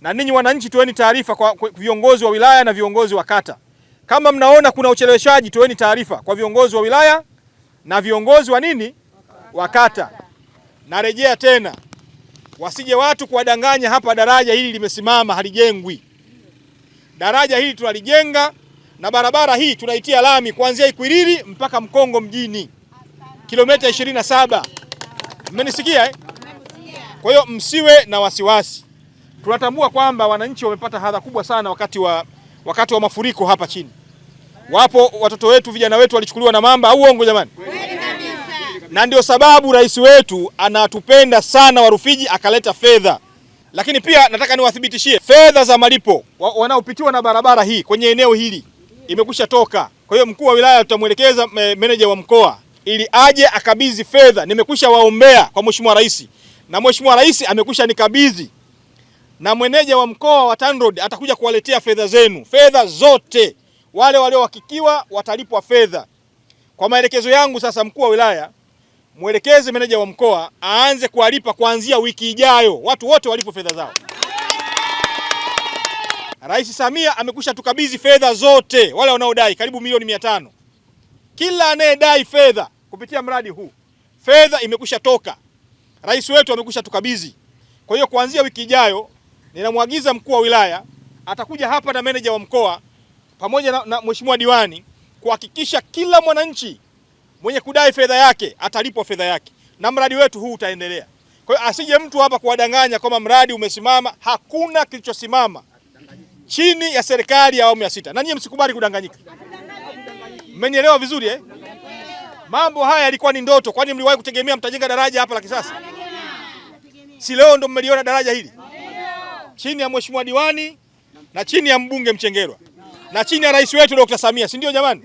Na ninyi wananchi, toeni taarifa kwa viongozi wa wilaya na viongozi wa kata. Kama mnaona kuna ucheleweshaji, toeni taarifa kwa viongozi wa wilaya na viongozi wa nini, wa kata. Narejea tena, wasije watu kuwadanganya hapa, daraja hili limesimama halijengwi. Daraja hili tunalijenga na barabara hii tunaitia lami kuanzia Ikwiriri mpaka Mkongo mjini, kilomita 27. Mmenisikia eh? Kwa hiyo msiwe na wasiwasi tunatambua kwamba wananchi wamepata hadha kubwa sana wakati wa, wakati wa mafuriko hapa chini. Wapo watoto wetu, vijana wetu walichukuliwa na mamba, au uongo jamani? Na ndio sababu rais wetu anatupenda sana Warufiji, akaleta fedha. Lakini pia nataka niwathibitishie fedha za malipo wanaopitiwa na barabara hii kwenye eneo hili imekusha toka. Kwa hiyo mkuu wa wilaya tutamwelekeza meneja wa mkoa ili aje akabidhi fedha. Nimekwisha waombea kwa mheshimiwa rais na mheshimiwa rais amekwisha nikabidhi na mweneja wa mkoa wa TANROADS atakuja kuwaletea fedha zenu, fedha zote. Wale waliohakikiwa watalipwa fedha kwa maelekezo yangu. Sasa mkuu wa wilaya mwelekeze meneja wa mkoa aanze kuwalipa kuanzia wiki ijayo, watu wote walipo fedha zao. Rais Samia amekwisha tukabidhi fedha zote, wale wanaodai karibu milioni mia tano. Kila anayedai fedha kupitia mradi huu fedha imekwisha toka, rais wetu amekwisha tukabidhi. Kwa hiyo kuanzia wiki ijayo ninamwagiza mkuu wa wilaya atakuja hapa na meneja wa mkoa pamoja na, na mheshimiwa diwani kuhakikisha kila mwananchi mwenye kudai fedha yake atalipwa fedha yake, na mradi wetu huu utaendelea. Kwa hiyo asije mtu hapa kuwadanganya kwamba mradi umesimama. Hakuna kilichosimama chini ya serikali ya awamu ya sita, na nyinyi msikubali kudanganyika. Mmenielewa vizuri eh? Mambo haya yalikuwa ni ndoto, kwani mliwahi kutegemea mtajenga daraja hapa la kisasa? Si leo ndo mmeliona daraja hili chini ya mheshimiwa diwani na chini ya mbunge Mchengerwa na chini ya rais wetu Dr. Samia, si ndio jamani?